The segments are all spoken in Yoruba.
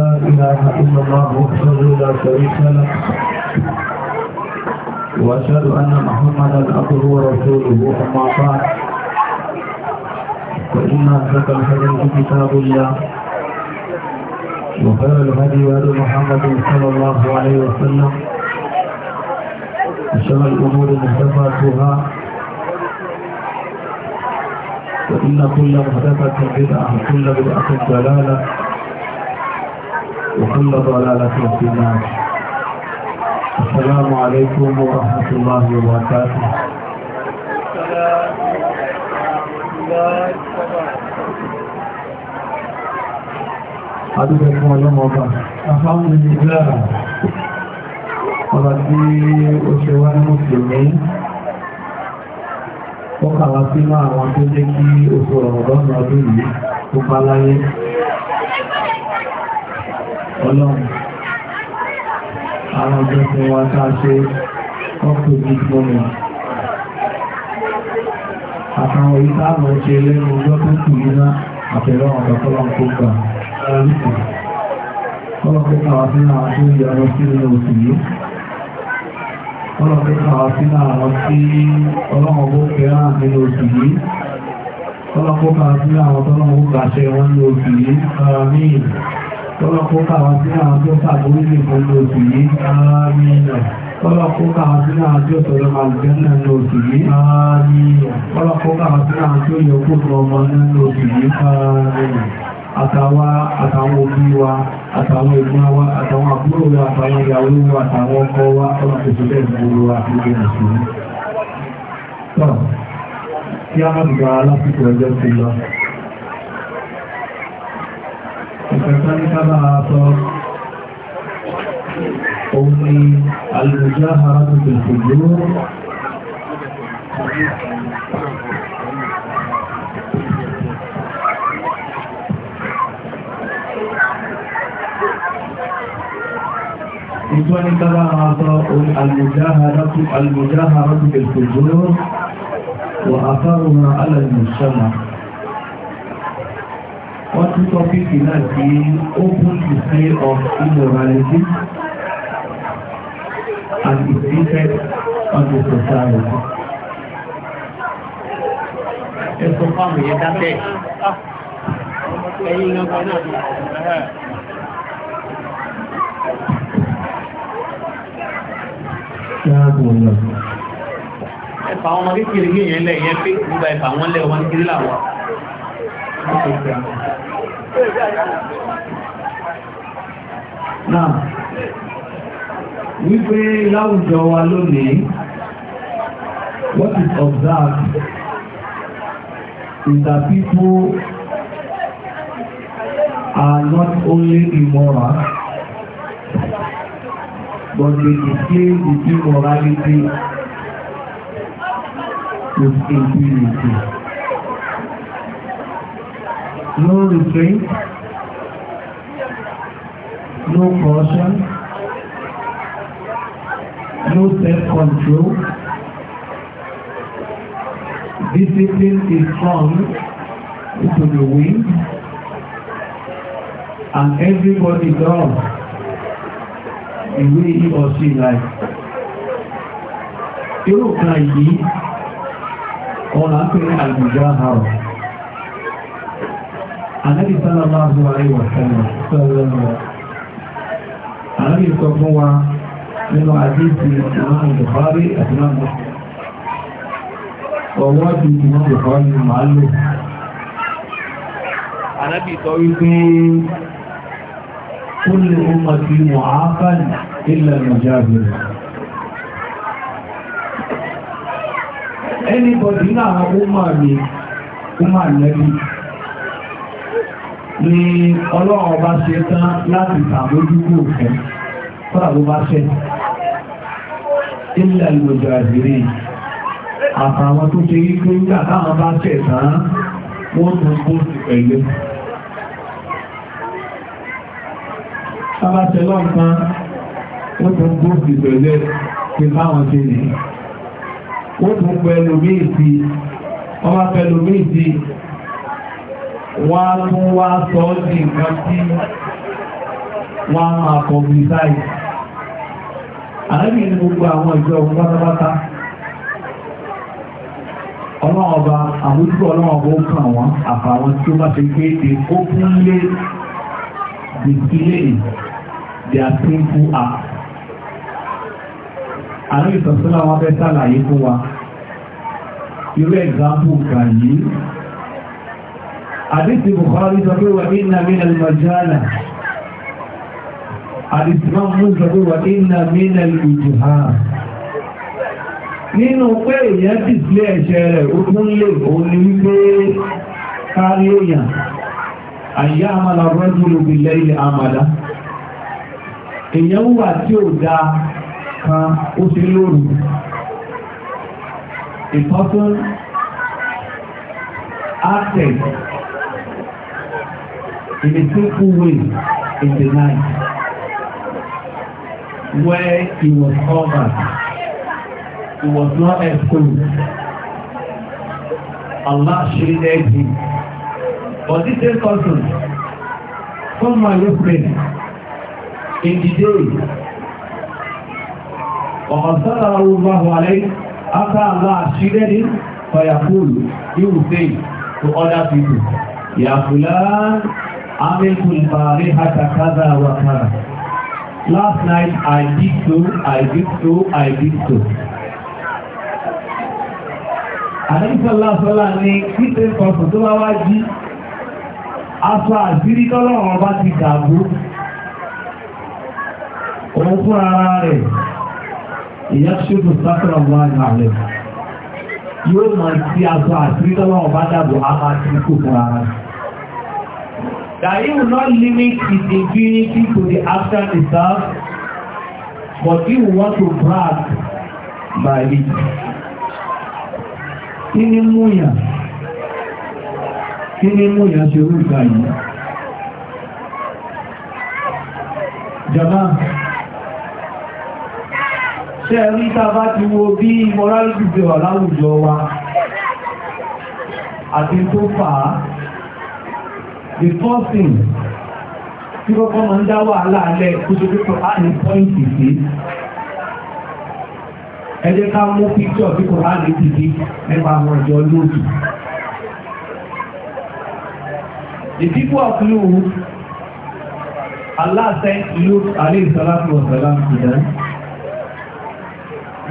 لا إله إلا الله وحده لا شريك له وأشهد أن محمدا عبده ورسوله أما بعد فإن أصدق الحديث كتاب الله وخير الهدي هدي محمد صلى الله عليه وسلم وشر الأمور محدثاتها فإن كل محدثة بدعة وكل بدعة ضلالة وكل ضلالة في النار السلام عليكم ورحمة الله وبركاته Adúgbẹ́kún ọlọ́mọba, àfáwọn ìgbìlá ọba tí ó ṣe wá ní Mùsùlùmí, ó kàwá sínú àwọn tó jẹ́ kí oṣù ọ̀rọ̀ lọ́nà ọdún yìí tó bá láyé ọlọ́run àwọn ọjọ́ tí wọ́n ká ṣe ọkùnrin fọ́nà àtàwọn ìta àmọ́ ṣe lẹ́nu ọjọ́ tó kù yí ná àtẹ̀rẹ́ ọ̀dọ̀ ọlọ́run tó gbà ọlọ́pẹ́ kàwà sínú àwọn tó yẹ ọ̀rọ̀ sí nínú òsì yìí ọlọ́pẹ́ kàwà sínú àwọn tí ọlọ́run ó fẹ́ràn nínú òsì yìí ọlọ́pẹ́ kàwà sínú àwọn tọ́lọ́run ó gbàṣẹ wọn nínú òsì yìí tọ́lọ̀ kó kàwà sí àwọn tó sàbórí lè fọ́lú oṣù yìí àmìnà tọ́lọ̀ kó kàwà sí àwọn tó sọ̀rọ̀ màlùjẹ́nà ní oṣù yìí àmìnà tọ́lọ̀ kó kàwà sí àwọn tó yẹ kókò ọmọ ní oṣù yìí àmìnà àtàwọn òbí wa àtàwọn ẹ̀gbọ́n wa àtàwọn àbúrò wa àtàwọn ìyàwó wa àtàwọn ọkọ wa tọ́lọ̀ kó sílẹ̀ ìfẹ̀fẹ́ ní sábà sọ òun ni alùjá ara tó tẹ̀sẹ̀ yóò Ìjọ́ni tábà máa sọ orí alùjáhàrátù alùjáhàrátù kẹfẹ̀ẹ́ jùlọ wà àfáàrùn-ún alàìmọ̀ṣẹ́mà. wọ́n tún tọ́pìkì náà sí open display of immorality and its effect on the society. ẹ sọ fáwọn yẹn dábẹ́ ẹ̀yìn gangan náà Ẹ̀fà ọmọ kékeré yẹn lẹ̀ yẹn pé gbogbo ẹ̀fà wọn lẹ̀ wọn kiri làwọn. Náà, wípé láwùjọ wa lónìí, what is observed is that people are not only immoral, but they display the immorality with impunity no retreat, no caution, no self-control. Discipline is thrown into the wind and everybody does the way he or she likes. Irú kan yìí, ọ̀nà ń pè ní àgbùjá Ànábì sallallahu alaihi wa sallam Ànábì sọ fún wa nínú àdíjì ìmáàmù Bukhari àti ìmáàmù ọwọ́ ti ìmáàmù Bukhari máa lò Ànábì sọ wípé kullu ummati mu'afan anybody náà ó máa lè ó máa lẹ́bí ni ọlọ́run ọba ṣe tán láti tàbójúkú òfin kọ́nà ló bá ṣẹ́ ilẹ̀ ìlòjò àdìrí àtàwọn tó ṣe wípé nígbà táwọn bá ṣẹ̀ tán wọ́n tún bóòsì pẹ̀lú sábàtẹ̀ lọ́nkan ó tún bóòsì pẹ̀lú pé báwọn ṣe nìyí ó tún pẹ̀lú míì sí ọba pẹ̀lú míì sí wọ́n á tún wá sọ ọ́ di nǹkan tí wọ́n á máa kọ̀mùsáì. Àlẹ́bí ní gbogbo àwọn ìjọ ogun pátápátá. Ọlọ́ọ̀ba àwùjọ ọlọ́ọ̀ba ó kàn wọ́n àfàwọn tí ó bá ti gbé èdè ó kún lé display their simple act. Àlẹ́ ìtọ́sílẹ̀ wọn fẹ́ sàlàyé fún wa. Irú ẹ̀gbáǹpù kan yìí àdísì Bukhari sọ pé wà iná mínà majana àdísì máa mú sọ pé wà iná mínà ìjùhá nínú pé èèyàn ti sílé ẹ̀ṣẹ̀ rẹ̀ ó tún lè òun ni wípé kárí èèyàn àyà àmàlà rọ́jú lóbi lẹ́yìn àmàlà èèyàn wà tí ò dáa kan ó ti lóru ìtọ́tún access in a simple way in the night where he was covered. He was not exposed. Allah shielded him. But this same person, from my friend, in the day, وقد الله عليه after Allah shielded him, فيقول, he will say to other people, يا فلان Amekul Farihata Kaza wa Last night I did so, I did so, I did so. Àdébísọ́lá sọ́lá ní títẹ́ kọ̀ọ̀sọ̀ tó bá wá jí, aṣọ àṣírí tọ́lọ́run ọba ti kàbú. Òun fún ara rẹ̀, ìyá ṣètò sáfẹ́ràn wá ní àlẹ́. Yóò mọ̀ sí aṣọ àṣírí tọ́lọ́run ọba dàbò á máa ti kò fún ara rẹ̀ that he will not limit his impunity to the after itself, but he will want to brag by it. Kí ni mú yàn? Kí ni mú yàn ṣe rú ìgbà yìí? Jọba, ṣe rí tàbá ti wo bí morality bí wà láwùjọ wa àti tó fàá the first thing tí kọ́kọ́ máa ń dá wàhálà alẹ́ kóso pípọ̀ á ní pọ́ìntì sí ẹ jẹ́ ká mú píkṣọ̀ tí kò á ní ti di nípa àwọn ìjọ lóòtù. The people of Lu, Allah sent Lut alayhi salatu wa salam to them.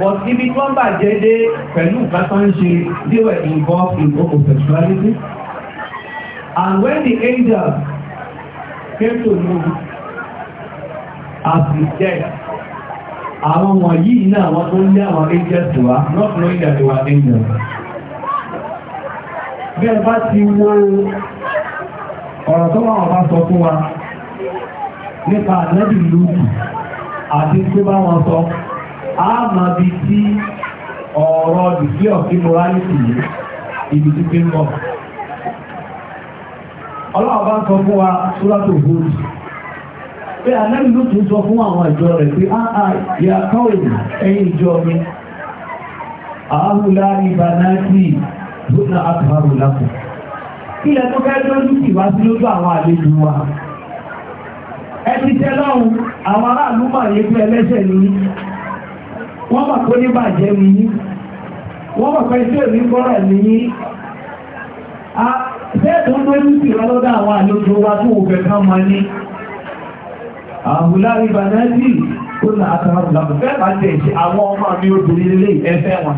But ibi tí wọ́n bàjẹ́ dé pẹ̀lú nǹkan tó ń ṣe, they were involved in homosexuality. And when the angel came to know as he death, àwọn wọ̀nyí iná àwọn tó ń lé àwọn angels wá not knowing that they were angels. Bí ẹ bá ti wo ọ̀rọ̀ tó wọ́n bá sọ fún wa nípa ànábì lóòtù àti tó bá wọn sọ, a máa bí tí ọ̀rọ̀ the fear of immorality ibi tí pé ọlọ́wọ́ bá ń sọ fún wa súrátò Hud pé anábì ló tún sọ fún àwọn ìjọ rẹ̀ pé áà yà káwé ẹ̀yìn ìjọ mi àáhùlá ìbánáàtì lónà àtàrù lápò ilẹ̀ tó fẹ́ lójú kì wá sí lójú àwọn àlejò wa ẹ ti tẹ́ lọ́rùn àwọn aráàlú mà yé pé ẹlẹ́sẹ̀ ni wọ́n mà kó ní bàjẹ́ mi wọ́n mà pẹ́ sí èmi gbọ́rọ̀ mi Tẹ́ẹ̀kan lórí sí ọlọ́dá àwọn àlejò wa tó òfẹ́ kan máa ní. Àwùlá ìbànájì ó là àtàrà ìlàbùfẹ́ bá jẹ́ ìṣẹ́ àwọn ọmọ mi obìnrin lè ẹfẹ́ wọn.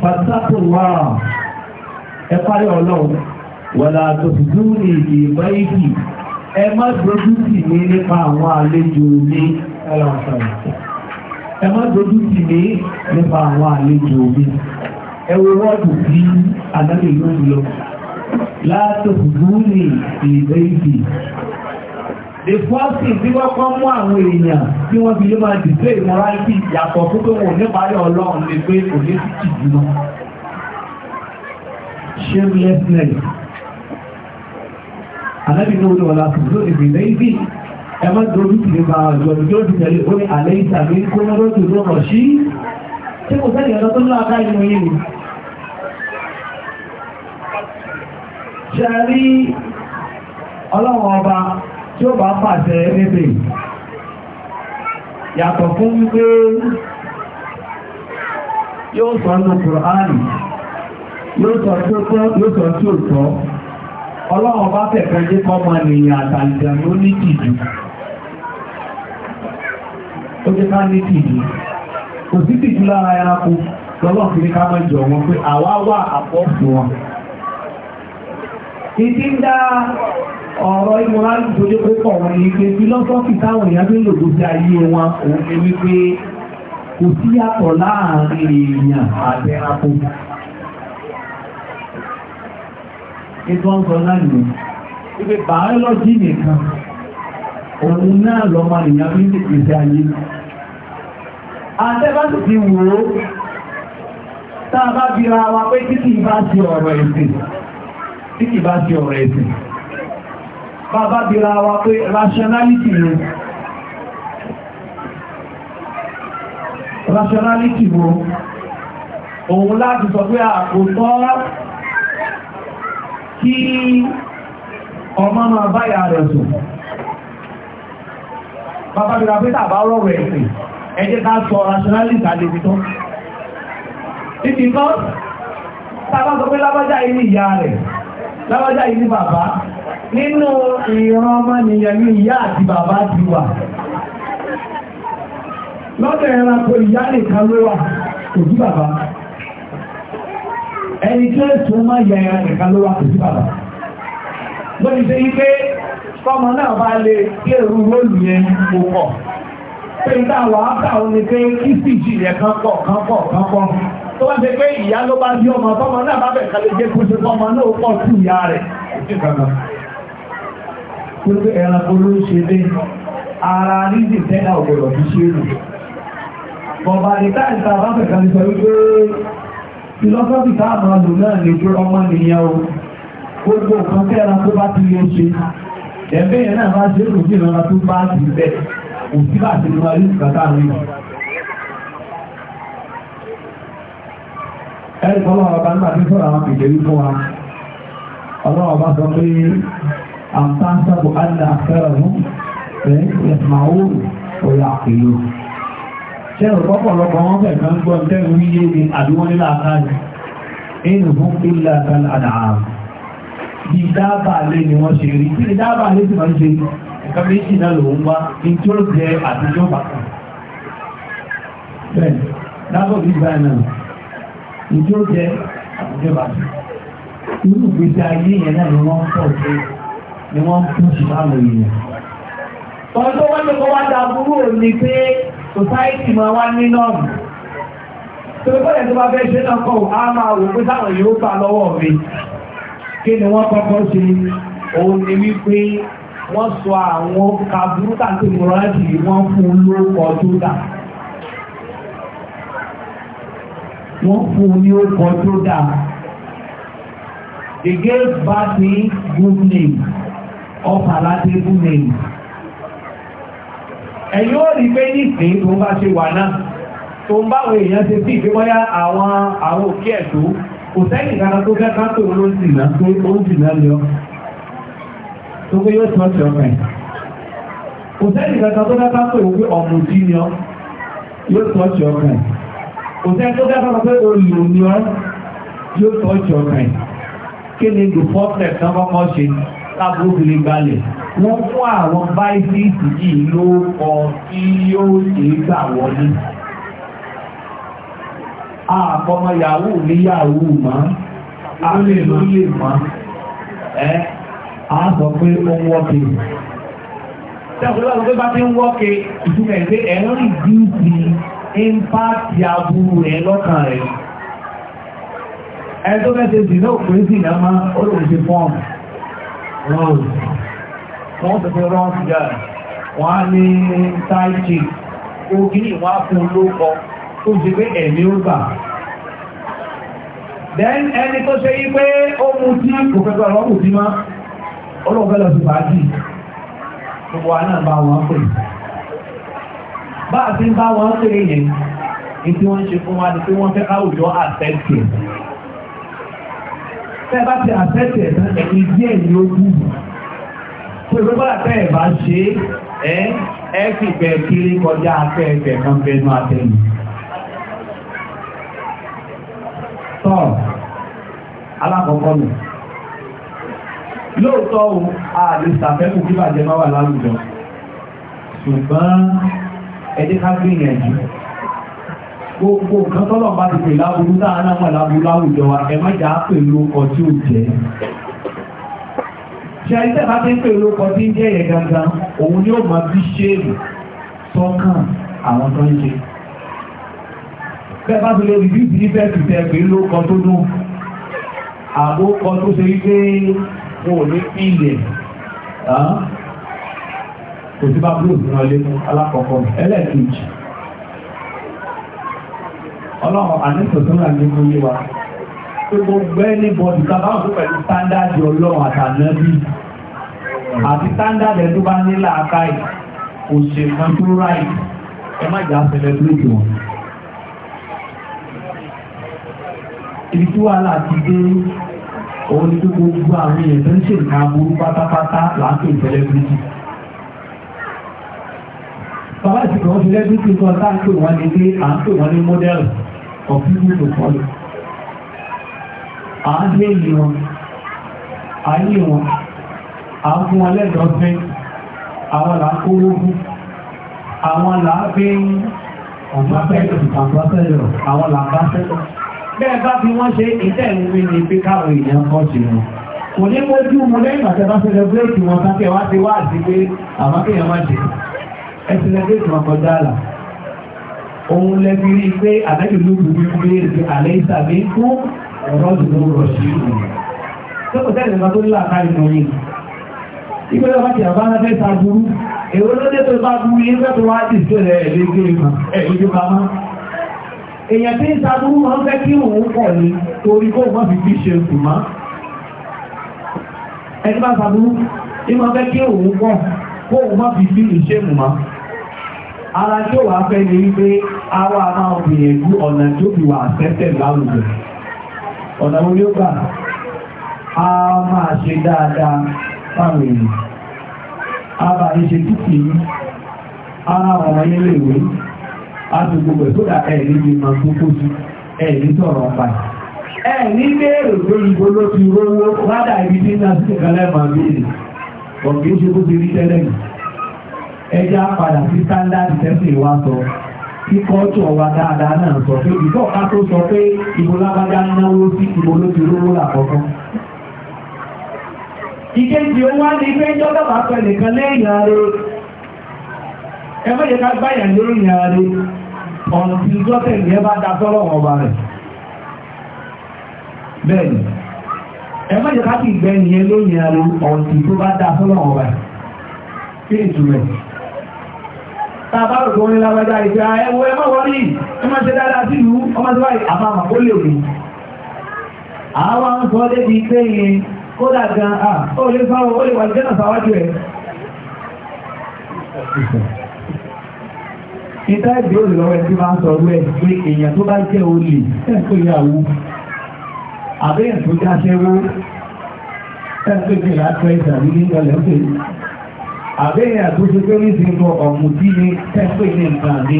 Fàtàkù wà ẹ parí ọlọ́run, wọ̀là àtòsùdú ní ìgbà ìdí, ẹ má dojú sí mi nípa àwọn àlejò mi. Ẹ má dojú sí mi nípa àwọn àlejò mi ẹwọ wọ́ọ̀dù bí adájọ́ ìlú lọ látòkùnkú ní ìgbẹ́ ìdì the first thing tí wọ́n kọ́ mú àwọn èèyàn tí wọ́n fi lé máa dìbẹ́ ìmọ̀ráìtì yàtọ̀ fún pé wọn ò níparí ọlọ́run lè pé kò ní sí jù lọ shamelessness anábì ní olówó látò ló lè bèèrè ìdí ẹ má dorí sí ní máa jọ ní yóò tẹ̀lé ó ní àlẹ́ ìtàgé kó mọ́ lóṣù lọ́rọ̀ sí tí kò sẹ́ni ẹ̀rọ tó ní ṣẹ́rí ọlọ́run ọba tí ó bá pàṣẹ níbi yàtọ̀ fún wípé yóò sọ ní Kùránì yóò sọ tí ó tọ́ ọba jẹ́ ló ní ó jẹ́ ká ní kò sí lára ẹranko lọ́lọ́ fi ìdí ń dá ọ̀rọ̀ ìmọ̀lá ìjọdé púpọ̀ wọn ni pé fílọ́sọ́fì táwọn èèyàn bí lòdó sí ayé wọn òun ni wípé kò sí yàtọ̀ láàrin èèyàn àtẹ́rápò ètò ọ̀sọ̀ náà nù wípé bàálọ́jì nìkan òun náà lọ́mọ èèyàn bí lòdó sí ayé àtẹ́bàtì ti wò ó tá a bá bira wa pé tí kì bá ti ọ̀rọ̀ ẹ̀sìn bàbá bí ra wa pé rationality ni rationality wo òun láti sọ pé àkótọ́ kí ọmọ máa báyà rẹ̀ sùn bàbá bí ra pé tàbá rọ̀rọ̀ ẹ̀sìn ẹjẹ́ ká sọ rationality àlebi tó níbi kan tàbá sọ pé lábájá ilé ìyá rẹ̀ láwájá yìí ní bàbá nínú ìran ọmọnìyàn ní ìyá àti bàbá ti wà lọ́dọ̀ ẹranko ìyá nìkan ló wà kò sí bàbá ẹni tí ó tó má yẹ ẹran nìkan ló wà kò sí bàbá lóbi ṣe wípé fọmọ náà bá lè kí èrú róòlù yẹn kò pọ̀ pé ìta wàá kà ó ní pé kí fìjì yẹn kan pọ̀ kan pọ̀ kan pọ̀ tó bá ṣe pé ìyá ló bá bí ọmọ tọ́mọ náà bá bẹ̀ kalẹ̀ jẹ́ kó ṣe fọ́mọ náà pọ̀ sí ìyá rẹ̀ gbogbo ẹranko ló ṣe dé ara rídì tẹ́lá ọ̀gbọ̀rọ̀ fi ṣe rù bọ̀bá ní táìta bá bẹ̀ kalẹ̀ sọ wípé filosofi táàmà lò náà lè jọ ọmọ nìyàn o gbogbo nǹkan tẹ́ ẹranko bá ti lè ṣe ẹ̀bẹ́ yẹn náà bá ṣe rù sí ìrànlá tó bá ti bẹ̀ òsínbà ti lọ ayé ìgbà táà ẹ̀rí ọlọ́wọ́ ọba nígbà tí sọ́rọ̀ àwọn kìkèrí fún wa ọlọ́wọ́ ọba sọ pé àǹtáǹsàbò àdá fẹ́rẹ̀ mú ẹ̀ ẹ̀sìmáwó òyà àkìlò ṣé ọ̀pọ̀lọpọ̀ wọn fẹ̀ kan gbọ́ tẹ́ ń yé ni àdúgbò nílà àkáàdì inú fún ilẹ̀ àkàlà àdàám bí dábàá náà ìjọ jẹ àtijọba irú ìgbésí ayé yẹn náà ni wọ́n ń pọ̀ sí ni wọ́n ń kú sí báwọn èèyàn. tọ́jú tó wọ́n ti kọ́ wá da burú òní pé society máa wá ní nọ́ọ̀mù tó bẹ́ẹ̀ tó bá fẹ́ ṣe náà kọ́ á máa wò pé táwọn yóò gbà lọ́wọ́ mi kí ni wọ́n kọ́kọ́ ṣe òun ni wípé wọ́n sọ àwọn kàbúrú tàbí mọ̀rántì wọ́n fún un lórúkọ tó dáa. wọ́n fún ní orúkọ tó dáa they gave back me good name of palatable name ẹ̀yìn ó rí pé nísìnyí tó ń bá ṣe wà náà tó ń báwọn èèyàn ṣe sí ìgbéwọ́yá àwọn àwọn òkè ẹ̀tọ́ kò sẹ́yìn ìdára tó fẹ́ ká tó ló ń dìnà tó ó ń dìnà lọ tó pé yóò tún ọ̀sẹ̀ ọ̀fẹ́ kò sẹ́yìn ìdára tó fẹ́ ká tó ló pé ni ọ yóò tún ọ̀sẹ̀ ọ̀fẹ́ kò sẹ́ tó dábàá pé olè ni ọ́ yóò tọ́jú ọ̀rọ̀ ẹ̀ kí ni the first step náà kọ́kọ́ ṣe lábúrò fi lè balẹ̀ wọ́n fún àwọn báìsíìsì yìí ló kọ tí yóò ṣe é gbà wọlé àkọmọ yahoo ní yahoo mọ́ àlè ló lè mọ́ ẹ́ a sọ pé ó ń wọ́pẹ́ tẹ́kùn lọ́wọ́ pé bá ti ń wọ́pẹ́ ìtumọ̀ ẹ̀ pé ẹ̀rọ ìdí ti Impact bá ti aburú rẹ̀ lọ́kàn rẹ̀ ẹ tó mẹ́sẹ̀ sí náà pé sí ìyá máa olóòṣe fọ́ọ̀mù rọ́ọ̀lù wọ́n tẹ̀fẹ́ rọ́ọ̀lù gáà wọ́n á ní táìkì ogini wọ́n á fún olóòkọ tó ṣe pé ẹ̀mí ó gbà then ẹni tó ṣe yí pé ó mú tí kò fẹ́ gbà lọ́kùn sí má olóòfẹ́ lọ bá a ti ń bá wọn ṣeré yẹn ní tí wọ́n ń ṣe fún wa ni pé wọ́n fẹ́ káwùjọ àtẹ́tì tẹ́ bá ti àtẹ́tì ẹ̀sán ẹ̀yìn díẹ̀ ní ojú pé ló bá tẹ́ ẹ̀ bá ṣe é ẹ́ sì bẹ̀ kiri kọjá afẹ́ ẹ̀fẹ̀ kan bẹnu àtẹ́yìn. tọ́ alákọ̀ọ́kọ́ nù lóòótọ́ o a lè ṣàfẹ́kù kí bàjẹ́ bá wà láwùjọ ṣùgbọ́n ẹjẹ́ ká gbìyànjú gbogbo nǹkan tọ́lọ̀ bá ti pè láburú dáadáa mọ̀ láburú láwùjọ wa ẹ má jà á pẹ̀lú ọkọ̀ tí ó jẹ́ ṣe ẹ̀ṣẹ̀ bá ti ń pè lóko tí ń jẹ́ yẹn gangan òun ni ó máa bí ṣéèrè sọ́kàn àwọn tó ń ṣe bẹ́ẹ̀ bá ti lè rìbí ìdí bẹ́ẹ̀ ti tẹ̀ pé lóko tó dùn àbókọ tó ṣe wípé wọn ò ní pìlẹ̀ kò sí bá blue ìran ilé mú alákọ̀ọ́kọ́ ẹlẹ́ẹ̀kejì ọlọ́run àníṣòsọ́nà ní mú yé wa pé mo gbé ní bọ́ọ̀dù sábà wọ́n pẹ̀lú sándàdì ọlọ́run àtànábì àti sándàdì ẹ̀dún bá ní làákàì kò ṣe kan tó ráì ẹ má jà celebrate wọn. ibi tí wàhálà ti dé òun ni pé gbogbo àwọn èèyàn tó ń ṣe nǹkan aburú pátápátá láti celebrate bàbá ìsìnkú wọn ti lẹ́dún tí wọ́n táà ń pè wọ́n ní pé à ń pè wọ́n ní mọ́dẹ́lì of people to follow à ń dé ìlú wọn à ń yí wọn à ń fún wọn lẹ́dọ̀ọ́ fẹ́ àwọn là ń kó lógún àwọn là ń fi àwọn là ń bá sẹ́kọ̀ọ́ bẹ́ẹ̀ bá fi wọ́n ṣe ìtẹ́ ìwé ní pé káwọn èèyàn kọ́ sí wọn kò ní mójú mu lẹ́yìn àtẹ́bá sẹ́lẹ̀ bírèkì wọn káfíẹ̀ ẹ̀sìnlẹ́gbẹ̀ẹ́ tó kọjá là òun lẹ́bi rí i pé àdájọ́ ló gbogbo ìwé ìrìn àlẹ́ ìsàbí fún ọ̀rọ̀ ìdúró rọ̀ sí ìlú lọ́pọ̀ tẹ́lẹ̀ nípa tó ní làákà ìmọ̀ yìí ìgbé lọ́pọ̀ tí àbá fẹ́ ta burú èrò ló dé tó bá burú yìí fẹ́ tó wá dì sí rẹ̀ lẹ́gbẹ̀ẹ́ ìmọ̀ ẹ̀ ìjọba èèyàn tí ń ta burú máa ń fẹ́ kí òun pọ̀ ní torí kó wọ́n fi fi ṣe kù mọ́ ẹni bá ta burú ní máa fẹ́ kí òun pọ̀ kó wọ́n fi fi ṣe kù mọ́ ara tí ó wà fẹ́ ní wípé ara máa gbìyànjú ọ̀nà tí ó fi wà láwùjọ ọ̀nà orí ó gbà a máa ṣe dáadáa fáwọn èèyàn a bá ṣe títì yìí ara ọ̀rọ̀ yẹn lè wé a ti gbogbo tó máa tó sí ẹ̀ sọ̀rọ̀ ọ̀pá ẹjẹ́ àpàdà sí standard tẹ́sí wa sọ tí kọ́ọ̀tù ọ̀wà dáadáa náà sọ pé ìbọ̀ ká tó sọ pé ibo lábájá náwó sí ibo ló ti rówó làkọ́kọ́. ìkejì ó wá pé ń bá pẹ̀ nìkan lẹ́yìn ààrẹ ààrẹ ọ̀nà tí ìjọ́tẹ̀ ní ẹ bá da sọ́rọ̀ rẹ̀ bẹ́ẹ̀ni tàbá òkú ní lágbàjá ìfẹ́ ẹwọ ẹmọ́ wọlé ọmọ ṣe dáadáa sí ìlú ọmọ tó báyìí àmàmà ó lè rí àwọn ń sọ débi pé yẹn kódà gan à ó lè fáwọn ó lè wà jẹ́nà sáwájú ẹ̀ ìta ìdí ó lọ́wọ́ ẹ̀ tí máa ń sọ rú ẹ̀ pé èèyàn tó bá jẹ́ olè ẹ̀kọ́ ìyàwó àbẹ́yẹ̀ tó jáṣẹ́wó ẹ̀kọ́ ìgbìyànjú àtúwẹ̀ ìtàbí ní ìgbàlẹ̀ ọ̀fẹ́ àbẹ́yìn àtúnṣe pé ní ìsinmi ọ̀mù tí ní tẹ́pẹ́ ní nǹkan àdé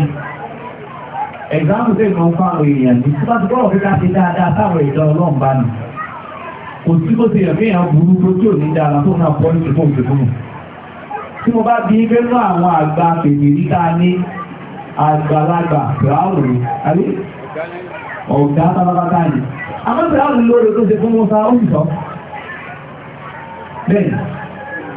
ẹ̀gbáàmù tẹ́ ìkan fáwọn èèyàn ní tí bá ti bọ́ọ̀ fíkà ti dáadáa táwọn ìjọ ọlọ́run bá nù kò sí bó ti ẹ̀mí èèyàn burú tó tí ò ní dára tó náà pọ́ ní ìfún ìfún tí mo bá bí ibẹ̀ nú àwọn àgbà pèmí níta ní àgbàlagbà fìràwùn àbí ọ̀gá tábàbàtà ni àmọ́ fìràwùn lóore tó ṣe fún Mùsá ó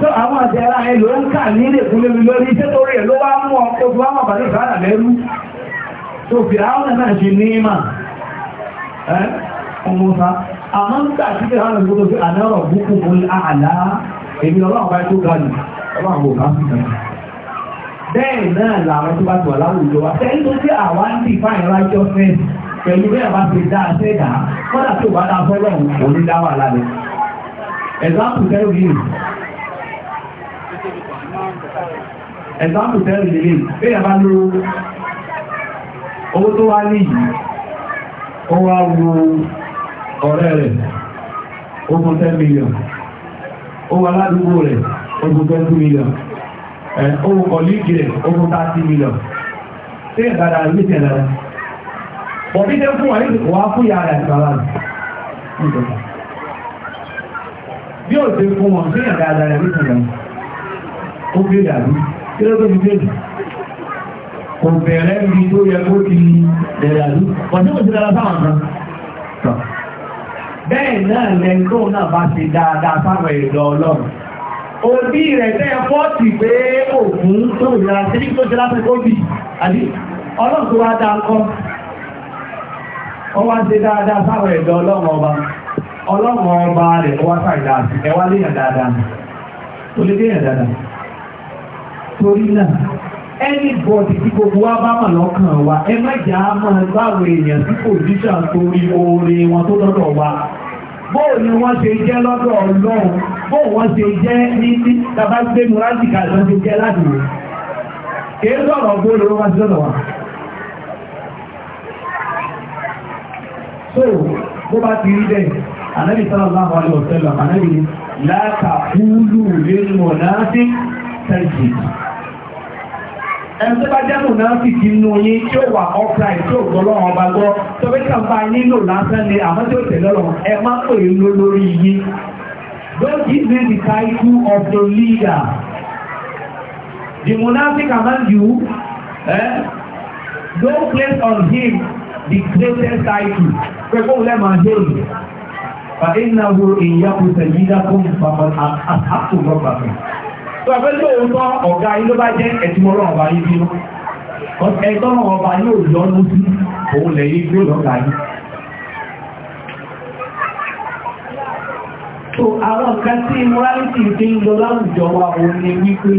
tó àwọn àtẹ́ra ẹlò ń kà ní ilé fún lórí lórí iṣẹ́ tó rí ẹ̀ ló wá mú ọkọ̀ tó wá bàrí sára lẹ́rú tó fi àwọn náà ṣe ní ìmà ọmọta àmọ́ ń gbà sí ìrànlẹ̀ tó tó fi àdárọ̀ búkú fún àlá èmi ọlọ́run bá tó ga jù ọlọ́run kò bá sí ìrànlẹ̀ bẹ́ẹ̀ náà làwọn tó bá ti wà láwùjọ wa tẹ́lí ẹ̀sáàpù tẹ́rì lè bẹ́yà bá ló owó tó wá ní yìí ó wá wo ọ̀rẹ́ rẹ̀ ogun 10 million ó wá ládùúgbò rẹ̀ ogun 20 million owó kọ̀líkì rẹ̀ ogun 30 million tí ẹ̀dàdà ní tẹ̀lára bọ̀bí tẹ́ fún wà fún yàrá ìgbàlá bí ó ṣe fún wọn sí ẹ̀dàdà rẹ̀ ní tẹ̀lára ó gbé dàbí kí ló tó fi bèèrè kò bẹ̀rẹ̀ ibi tó yẹ kó ti bẹ̀rẹ̀ àdú ọ̀dí mo ti dára sáwọn kan bẹ́ẹ̀ náà lẹ́ńtò náà bá ṣe dáadáa sáwọn èrò ọlọ́run òbí rẹ̀ tẹ́ fọ́ọ̀tì pé òkun tó ìlà sí ní tó ṣe láti kóbi àdí ọlọ́run tó wá dáa kọ́ ọwá ṣe dáadáa sáwọn ẹ̀dọ ọlọ́run ọba ọlọ́run ọba rẹ̀ ọwá sáà ìdáàsì ẹwà léèyàn dáadáa tó lé léèyàn dáadáa torí náà ẹni bọ̀dì tí gbogbo wa bá mà lọ́kàn wa ẹ má jà á máa gbàwé èèyàn tí kò jíṣà torí oore wọn tó lọ́dọ̀ wa bóò ni wọ́n ṣe jẹ́ lọ́dọ̀ ọlọ́run bóò wọ́n ṣe jẹ́ ní tí tàbá gbé mùrájì kàìsàn ṣe jẹ́ láti wò kìí sọ̀rọ̀ bó lóró wá sí lọ́dọ̀ wa. so bó bá ti rí bẹ́ẹ̀ anábì sallallahu alaihi wasallam anábì ní la taqulu lil munafiq tẹ́lifíṣì ẹni tó bá jẹ́mù náà sì ti nu yín tí ó wà ọ́fíláì tí ó ọba gbọ́ tó bí kàǹfà nílò lásán ni àmọ́ ó tẹ̀lé ẹ má pè é lórí yín Don't give me the title of the leader the monarchic among you eh? don't place on him the greatest title pẹ̀lú lẹ́mọ̀ hẹ́lì fàdínàwó èyí yàtọ̀ sẹ̀yìn dákùn pàpàtàkùn rọ̀bàkùn tó a fẹ́ lóòótọ́ ọ̀gá yìí ló bá jẹ́ ẹ̀tìmọ́ ọlọ́run ọba yìí bínú ẹ̀tọ́ ọlọ́run ọba yóò yọ ọ́ lójú òun lẹ́yìn gbé lọ́gà yìí so àwọn nǹkan tí morality ti ń lọ láwùjọ wa òun ni wípé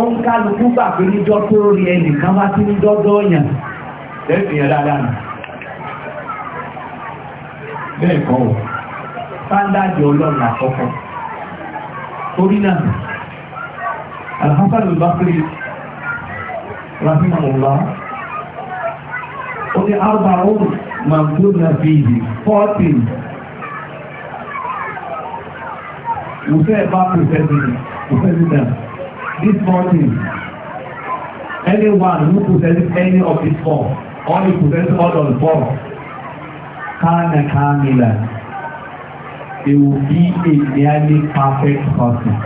ó ń kálukú gbà pé níjọ́ tó rí ẹnìkan wá sí níjọ́ dọ́ọ̀yàn lẹ́sìn yẹn dáadáa bẹ́ẹ̀ kọ́ ò sáńdáàdì ọlọ́run àkọ́kọ́ torí náà alhassan al-bakri rahimahullah ó ní arba'un mamduna fihi 14 wùfẹ́ bá pẹ̀sẹ̀dìdà this morning anyone who possesses any of this four or he possesses all of the four kánà kánìlà they will be a nearly perfect person.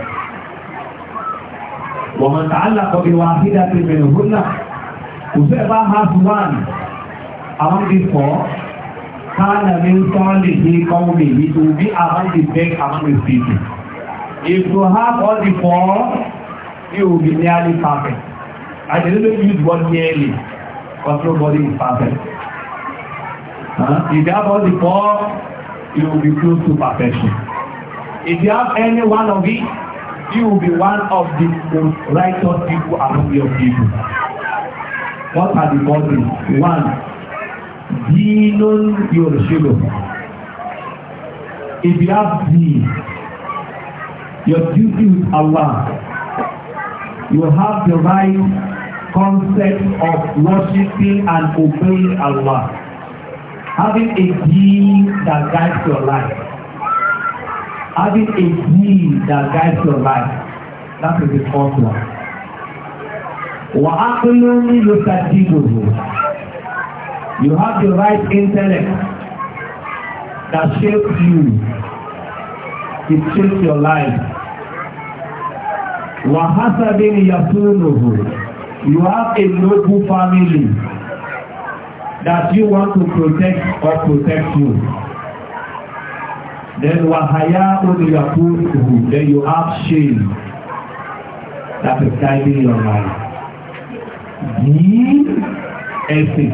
ومن تعلق بواحدة منهن وسبع has one among these four كان من صالح قومه he will be among the best among the people. If you have all the four, you will be nearly perfect. I didn't even use one nearly because nobody is perfect. Huh? If you have all the four, you will be close to perfection. If you have any one of it, you will be one of the most righteous people among your people. What are the four things? One, Dinun Yoroshigo. If you have deen, your duty with Allah, you have the right concept of worshiping and obeying Allah. Having a deed that guides your life. Having a deed that guides your life. That is the first one. وعقل يصدقه You have the right intellect that shapes you. It shapes your life. وحسب يصونه You have a noble family that you want to protect or protect you. Then wahaya yakutuhu, then you have shame that is guiding your life. Be ethic,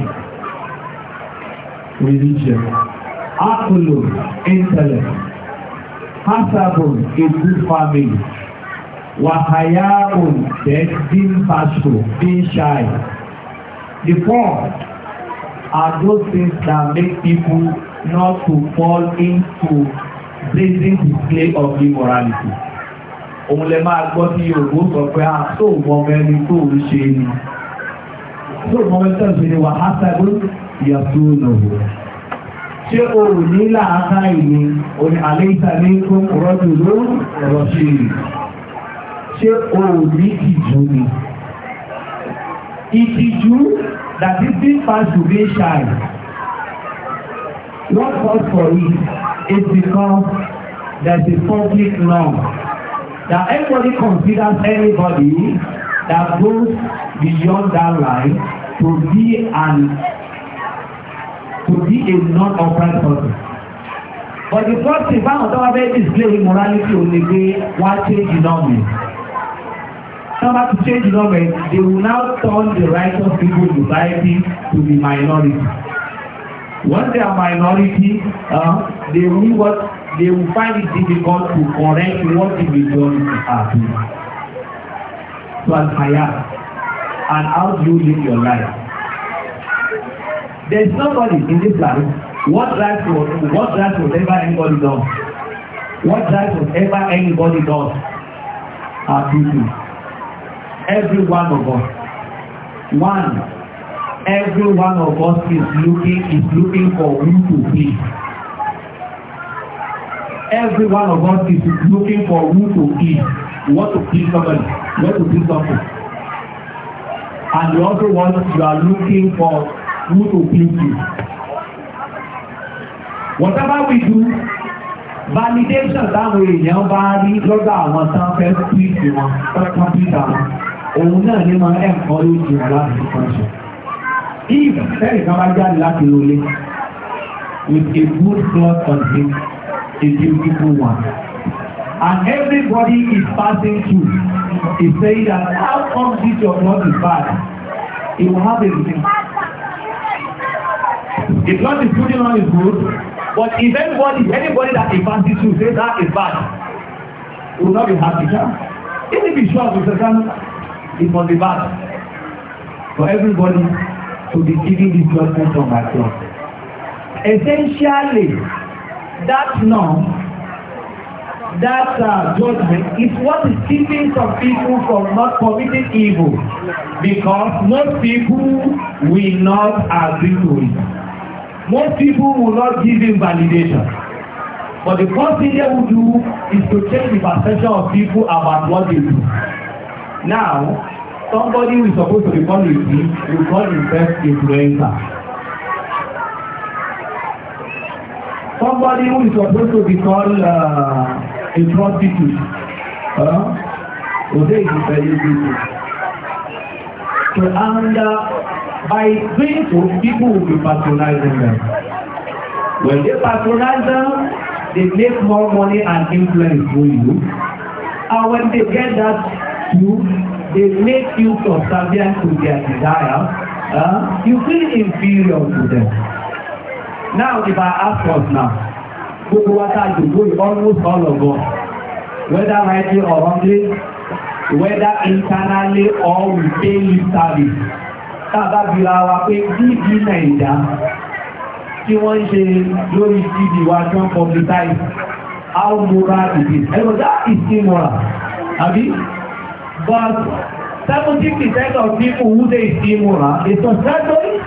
religion, akulu, intellect, hasabun, a good family, wahaya then being bashful, being shy. The fourth are those things that make people not to fall into blazing display of immorality. Òun lè máa gbọ́ tí Yorùbá sọ pé a ah, tó mọ mẹ́ni tó ń ṣe ni. Tó mọ mẹ́ni tó ń ṣe ni wà á sẹ́gun ìyàtú lòwò. Ṣé o rò ní láàáká ìní òní àlééta ní kún rọ́jò ló rọ̀ ṣe rì? Ṣé o rò ní ìtìjú ni? Ìtìjú that this thing pass to be shy. What cause for it is because there's a public norm that everybody considers anybody that goes beyond that line to be an to be a non-upright person. But the first thing báwọn tó is playing morality immorality ò lè gbé wá change the norm. Number to change the government, they will now turn the righteous people in society to be minority. Once they are minority, uh, they will what they will find it difficult to correct what the majority are doing. So as I am, and how do you live your life? There is nobody in this life what life was what life was ever anybody done. What life was ever anybody done are people every one of us. One, every one of us is looking, is looking for who to please. Every one of us is looking for who to please. You want to please somebody. You want to please something. And the other one, you are looking for who to please you. Whatever we do, validation táwọn èèyàn bá rí lọ́dọ̀ àwọn tán fẹ́ píìsì wọn, fẹ́ kọ́mpútà wọn òun náà ní máa ẹ̀kọ́ lójú aláàbò kan sọ. if ẹnì kan bá jáde láti lólé with a good blood on him a beautiful one and everybody is passing through he say that how come this your blood is bad he will have a reason. the blood is good, on is good but if anybody anybody that he passes through say that is bad he will not be happy. Huh? if he be sure to say that. It must be bad for everybody to be giving this judgment on myself. Essentially, that norm, that uh, judgment is what is keeping some people from not committing evil because most people will not agree to it. Most people will not give him validation. But the first thing they will do is to change the perception of people about what they do. Now, somebody who is supposed to be born with me will call himself influencer. Somebody who is supposed to be called uh, a prostitute. Uh, today is very busy. So, and uh, by doing so, people will be patronizing them. When they patronize them, they make more money and influence through you. And when they get that you, they make you subservient to their desire, uh, you feel inferior to them. Now, if I ask us now, who wa ta jòkó yìí almost all of us, whether rightly or wrongly, whether internally or we pay lip service, tá a bá bira wa pé dídí nàìjà tí wọ́n ń ṣe lórí tv wa tí publicize how moral it is. ẹ̀rọ that is immoral. Àbí? But 70% of people who they see Mura is on Saturday.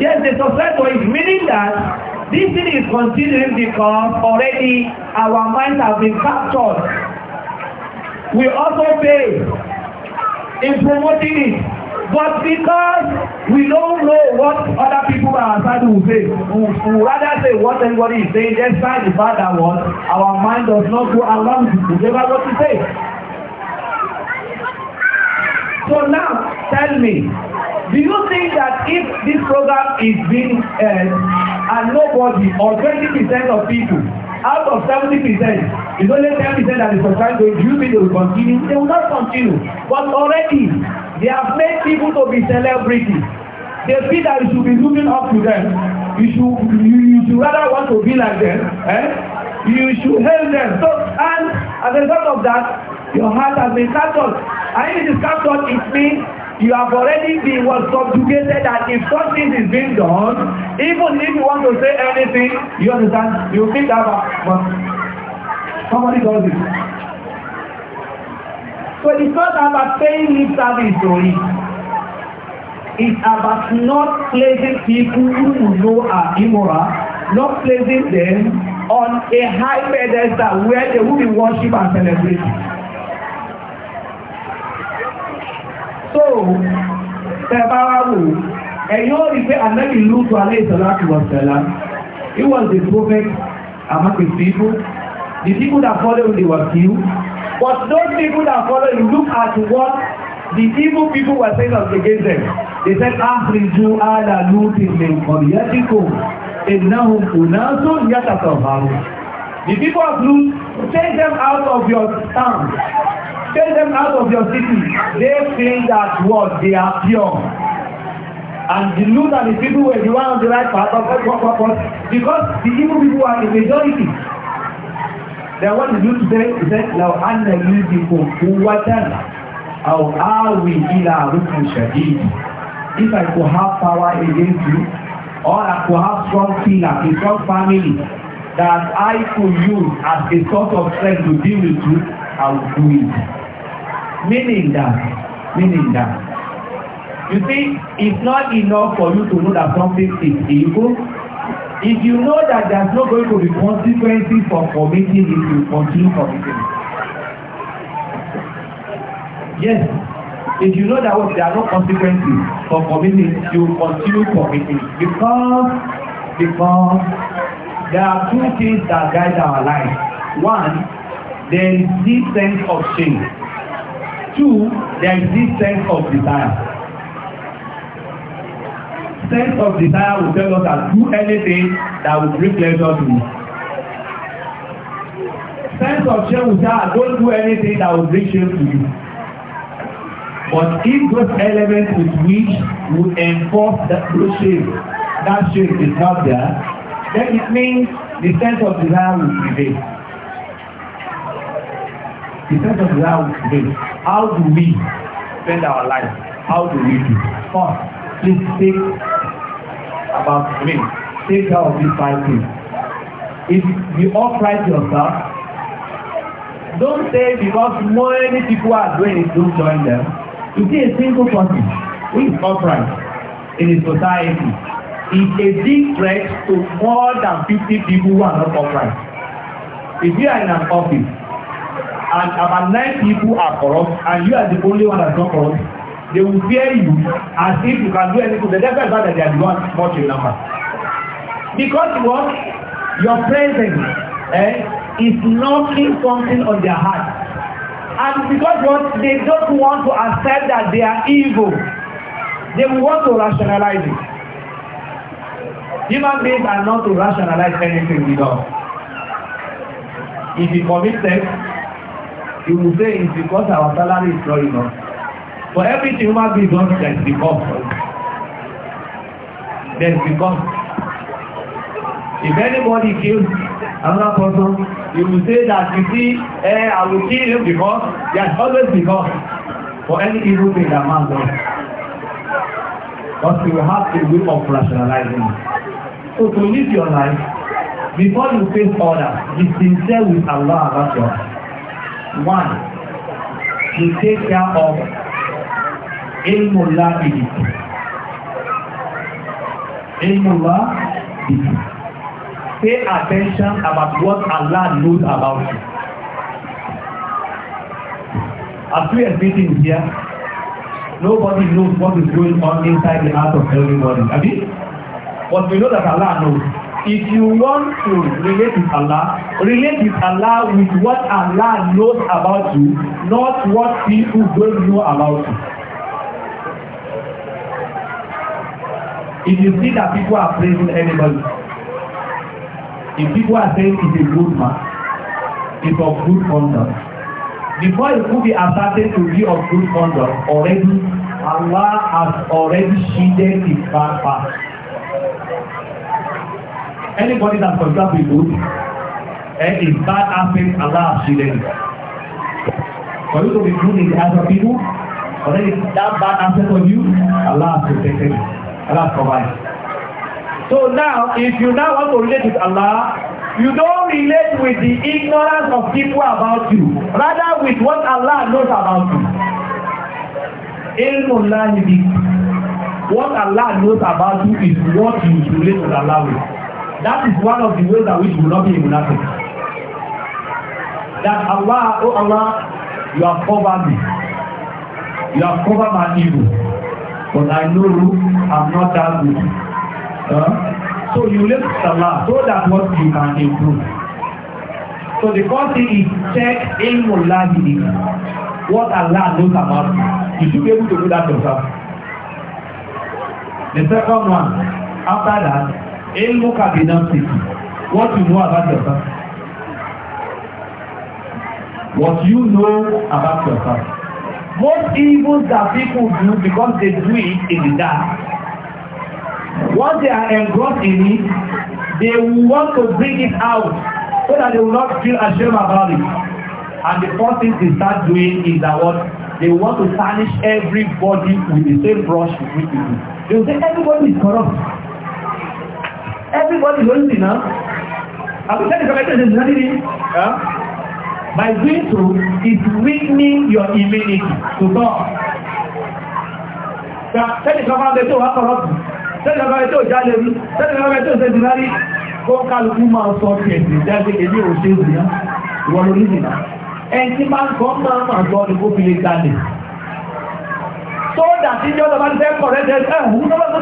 Yes, the subscriber is meaning that this thing is continuing because already our minds have been captured. We also pay in promoting it. But because we don't know what other people are outside will say, we would rather say what everybody is saying, despite the fact that what our mind does not go along to whatever what to say. So now, tell me, do you think that if this program is being aired uh, and nobody or 20% of people out of seventy percent, it's only ten percent that is subscribed to it. You mean they will continue? They will not continue. But already, they have made people to be celebrities. They feel that you should be looking up to them. You should, you, you should rather want to be like them. Eh? You should help them. So, and as a result of that, your heart has been captured. And if it is captured, it means you have already been was subjugated That if something is being done, even if you want to say anything, you understand, you think that well, somebody does it. So it's not about paying lip service to it. It's about not placing people who you know are immoral, not placing them on a high pedestal where they will be worshipped and celebrated. tó tẹ́ bá wá wò ẹ̀yìn ó rí pé ànábì lútu alẹ́ ìsọ̀lá àtùwọ̀sẹ̀lá was the prophet among his people the people that follow they were few but those people that follow you look at what the evil people were saying against them they said afriju ala lutin min qaryatikum innahum unasun yatatahharun the people of Lut take them out of your town Take them out of your city. They think that what they are pure. And the loot and the people were the one on the right path of purpose because the evil people are the majority. Then what the loot say? He said, لو أن يوزكم قوة أو آوي إلى ركن شديد. If I could have power against you, or I could have strong pillar, a strong family that I could use as a sort of strength to deal with you, I will do it meaning that, meaning that. You see, it's not enough for you to know that something is evil. If you know that there's no going to be consequences for committing it, you continue committing it. Yes, if you know that well, there are no consequences for committing, you continue committing because because there are two things that guide our life. One, there is this sense of shame. Two, the existence of desire. Sense of desire will tell us that do anything that will bring pleasure to you. Sense of shame will tell us don't do anything that will bring shame to you. But if those elements with which we enforce that shame, that shame is not there, then it means the sense of desire will prevail. The sense of how today, how do we spend our life? How do we do? First, please think about, me. take care of this five things. If you upright yourself, don't say because many people are doing it, don't join them. You see a single person who is upright in his society is a big threat to more than fifty people who are not upright. If you are in an office, and about nine people are corrupt and you are the only one that's not corrupt they will fear you as if you can do anything the devil is not that they are the one much in number because what your presence eh, is knocking something on their heart and because what they don't want to accept that they are evil they want to rationalize it human beings are not to rationalize anything with us if you commit sex you will say it's because our salary is not enough. For everything, human being done, there's because. cost. There's the If anybody kills another person, you will say that you see, eh, I will kill him because there's always because. for any evil thing that man does. But you have a way of rationalizing So to live your life, before you face order, be sincere with Allah about yourself. One, to take care of ilmullah bidik. Ilmullah bidik. Pay attention about what Allah knows about you. As we are meeting here, nobody knows what is going on inside the heart of everybody. Abi. but we know that Allah knows. If you want to relate with Allah, Relate with Allah with what Allah knows about you, not what people don't know about you. If you see that people are praising anybody, if people are saying he's a good man, it's of good conduct, before he could be asserted to be of good conduct, already Allah has already shielded his bad past. Anybody that contracts with good, and eh, his bad aspects Allah has you. For you to be good in the people, but then that bad aspect of you, Allah has protected you. Allah has provided. So now, if you now want to relate with Allah, you don't relate with the ignorance of people about you, rather with what Allah knows about you. Ilmullah What Allah knows about you is what you relate with Allah with. That is one of the ways that we will not be a that Allah, oh Allah, you have covered me. You have covered my evil. But I know I'm not that good. Huh? So you lift Allah so that what you can improve. So the first thing is check in Mulahi. What Allah knows about you. You should be able to do that yourself. The second one, after that, ilmu kabinam city. What you know about yourself what you know about yourself. Most evils that people do because they do it in the dark. Once they are engrossed in it, they want to bring it out so that they will not feel ashamed about it. And the first thing they start doing is that what they want to tarnish everybody with the same brush with which you do. They will say everybody is corrupt. Everybody is only now. I will tell you something, there's By doing so, it's weakening your immunity to God. Sẹ́ni kan máa bẹ tó wá kọ̀rọ̀kù, sẹ́ni kan máa bẹ tó jálẹ̀ rí, sẹ́ni kan máa bẹ tó ṣe ti rárí, kó kálukú máa sọ ti ẹ̀sìn jáde èdè òṣèlú náà, ìwọ̀n lórí ìdìnà. Ẹni tí máa ń kọ́ máa máa gbọ́ ni kó fi lè jalẹ̀ sódà tí jọ́ lọ́bá jẹ́ kọ̀rẹ́ jẹ́ ẹ̀hùn lọ́bá tó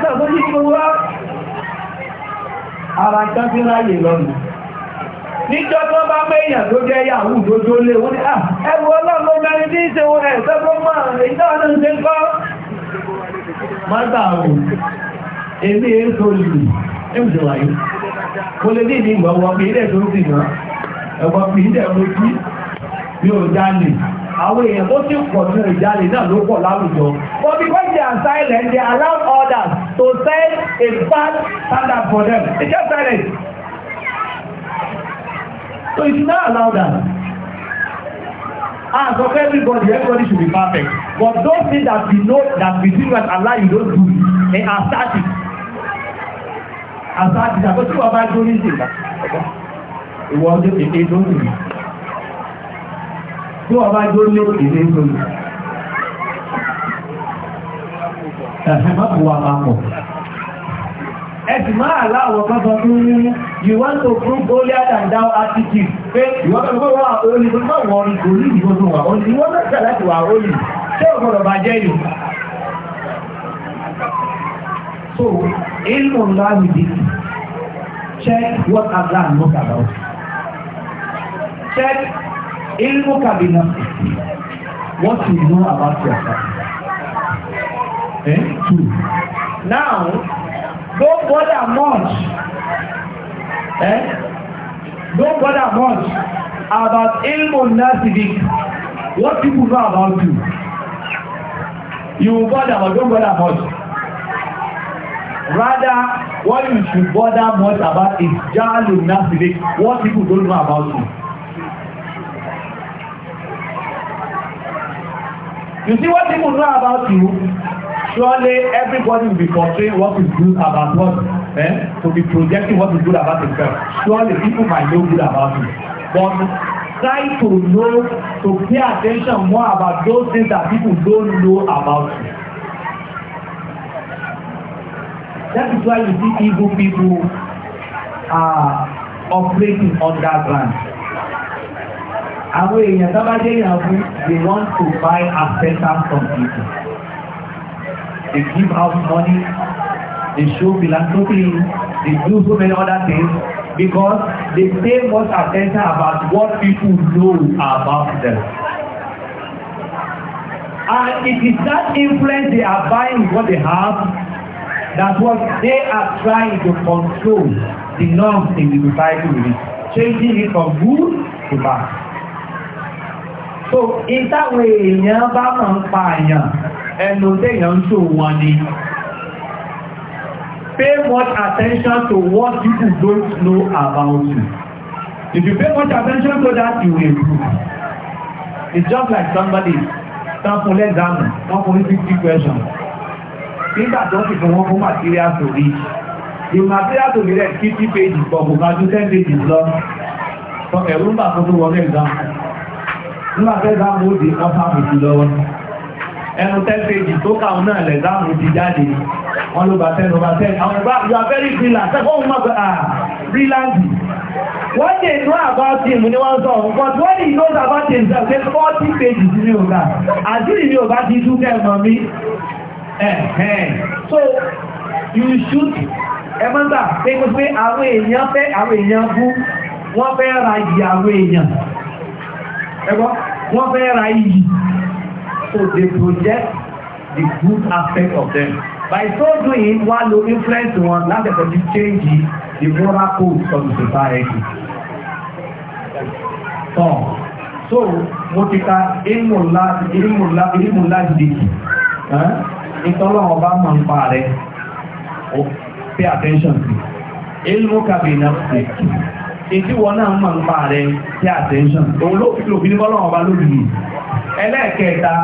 tẹ̀ níjọ́ tó bá mẹ́yàn tó jẹ́ yàwó òjòjò lè wọ́n ni ẹgbù ọlọ́run mẹ́rin tí ìṣe wọn ẹ̀ẹ́sẹ́ tó mọ́ ìjọ́ ọdún ṣe kọ́ mọ́tàrù èmi èso lù ẹ̀mùsẹ̀wàyí mo lè ní ìgbà wọ mi ilẹ̀ tó sì náà ẹ̀wọ̀ mi ilẹ̀ mo kí mi ò jalè àwọn èèyàn tó ti pọ̀ nínú ìjalè náà ló pọ̀ láwùjọ but because they are silent they allow others to set a bad standard for them it's just silence So it is not allowed that. As ah, of everybody, everybody should be perfect. But those things that we know that we do and allow you don't do, they are static. Àtàkì àkọsí wà bá dúró ní ìgbà. Ìwọ ọdún èdè lónìí. Tí wà bá dúró ní èdè lónìí. Ẹ̀fẹ̀ mọ́kù wà máa pọ̀ ẹ̀sì máa aláwọ̀ kọ́kọ́ fún ní you want to prove holier than thou attitude pé ìwọ́n tó wà olè tó máa wọ ìgò ní ìgbò tó wà olè ìwọ́n tó sẹ̀ láti wà olè ṣé ò gbọ́dọ̀ bá jẹ́ yìí so ilmu ńlá mi dì check what Islam knows about check ilmu kabina what you know about yourself eh now Don't bother much. Eh? Don't bother much about ilmun nasibik. What people know about you. You bother, but don't bother much. Rather, what you should bother much about is jalun nasibik. What people don't know about you. You see what people know about you Surely everybody will be portraying what is good about what, eh? to be projecting what is good about himself. Surely people might know good about you. But try to know, to pay attention more about those things that people don't know about you. That is why you see evil people are operating underground. Àwọn èèyàn tó bá jẹ́ ìyàwó, they want to buy acceptance from people they give out money, they show philanthropy, they do so many other things because they pay much attention about what people know about them. And it is that influence they are buying what they have that what they are trying to control the norms in the society with it, changing it from good to bad. So in that way, èèyàn bá ẹnu tẹ́yàn ń ṣò wọn ni pay much attention to what people don't know about you if you pay much attention to that you will improve it's just like somebody for exam one for fifty questions nígbà tó fi fún wọn fún material to read the material to read fifty pages but kò kájú ten pages long. ẹ̀rú ń bà tó tó wọlé exam nígbà tó exam ó di ọ́fà òsì lọ́wọ́ ẹnu tẹ́fẹ́jì tó kàún náà lẹ̀záàmù ti jáde wọ́n ló bá tẹ́nu bá tẹ́nu àwọn ìgbà you are very brilliant wọ́n mọ̀ pé ah wọ́n lè know about him ní wọ́n sọ but when he knows about himself say forty pages ní ọ̀gá àdúrà ní ọ̀gá ti tún kẹ́ mọ̀ mí so you should ẹmọ́gbà pé mo pé àwọn èèyàn fẹ́ àwọn èèyàn bú wọ́n fẹ́ ra iyì àwọn èèyàn ẹgbọ́ wọ́n fẹ́ ra iyì So they project the good aspect of them. By so doing, while lo influence wọn láti ẹ̀kọ́ ti change the moral code of the society. So, so what is? mo ti ka ìmúlá jìdìkì. Ìtọ́lọ́ ọba mọ̀ ń pa rẹ̀. Oh, pay attention to. it. Ilmu kabi nafsi ìdí wọn náà mọ̀ nípa rẹ̀ tí attention òun ló fi òfin bọ́lọ́wọ́ bá lóbìnrin ẹlẹ́ẹ̀kẹta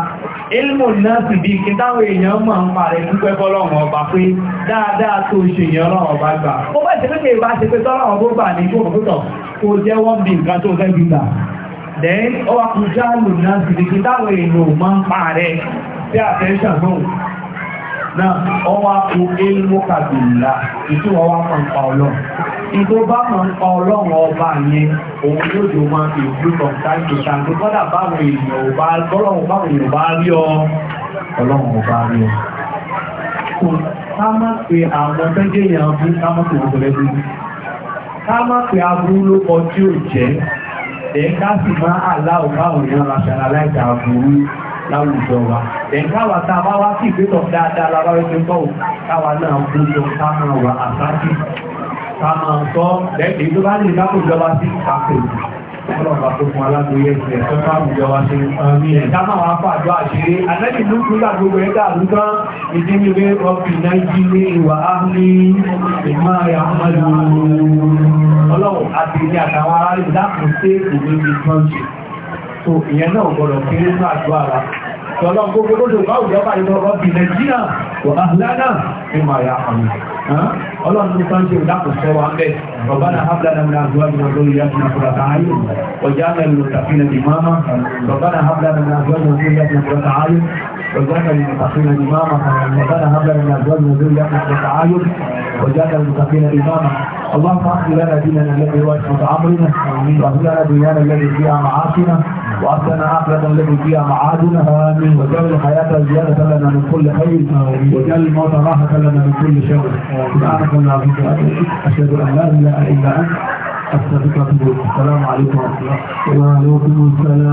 ilmù náà sì bí kí táwọn èèyàn mọ̀ nípa rẹ̀ dúpẹ́ bọ́lọ́wọ́ ọba pé dáadáa tó ṣe èèyàn ọlọ́wọ́ gbà ó bá ṣe pé kí ìbá then ó wá kú jáàlù náà attention náà ọwá kú ilmú kàbìlá ìtú ọwá mọ̀ ń pa ọlọ́run ìtò bá mọ̀ ń pa ọlọ́run ọba yẹn òun yóò jò máa fi ìlú kan káàkiri káàkiri kọ́dà báwọn èèyàn ò bá ọlọ́run báwọn èèyàn bá rí ọ ọlọ́run ọba rí ọ kò ká má pe àwọn tẹ́jẹ́ yẹn bú ká má pe òkú lẹ́bí ká má pe aburú ló kọ tí ò jẹ́ ẹ̀ ká sì má àlá òbáwọn èèyàn rationalize aburú láwùjọ wa ẹ̀káwà tá a bá wá sí ìgbésọ̀ dáadáa lára ẹgbẹ́ tọ́ káwa náà kó jọ ká máa wà àtàkì ká máa sọ lẹ́ẹ̀kì tó bá lè láwùjọ wa sí ìkàkùn ọlọ́ọ̀bá tó fún alágbóyè ẹ̀sẹ̀ tó bá àwùjọ wa sí ẹ̀ká máa wá fàájọ àṣírí àlẹ́bí ló kú lágbogbo ẹ̀dá àlùkọ́ ìdílé ọ̀fìn nàìjíríà ìwà áhùn ìmọ̀ so ìyẹn náà gbọ́dọ̀ kéré ní àjọ ara tọ́lọ́ gbogbo lódò bá òjò bá ìlú ọ̀rọ̀ bí nàìjíríà wà áhùlánà ní máa yà àmì ọlọ́run ní sáńjẹ́ ìdákùnṣẹ́ wa ń bẹ̀ ọba náà hábìlánà mi àjọ àjọ lórí yàtì nàkúrà tààyè ọjà mẹ́rin tàfínà ìmáàmà ọba náà hábìlánà mi àjọ àjọ lórí yàtì nàkúrà tààyè وجعل المتقين إماما وكان هب لنا أزواج وذرية وتعايش وجعل المتقين إماما اللهم أصل لنا ديننا الذي هو عصمة أمرنا وأصل لنا ديننا الذي فيها معاصينا وأحسن عقلة التي فيها معادنها وجعل الحياة زيادة لنا من كل خير وجعل الموت راحة لنا من كل شر سبحانك اللهم وبحمدك أشهد أن لا إله إلا أنت أستغفرك السلام عليكم ورحمة الله وعليكم السلام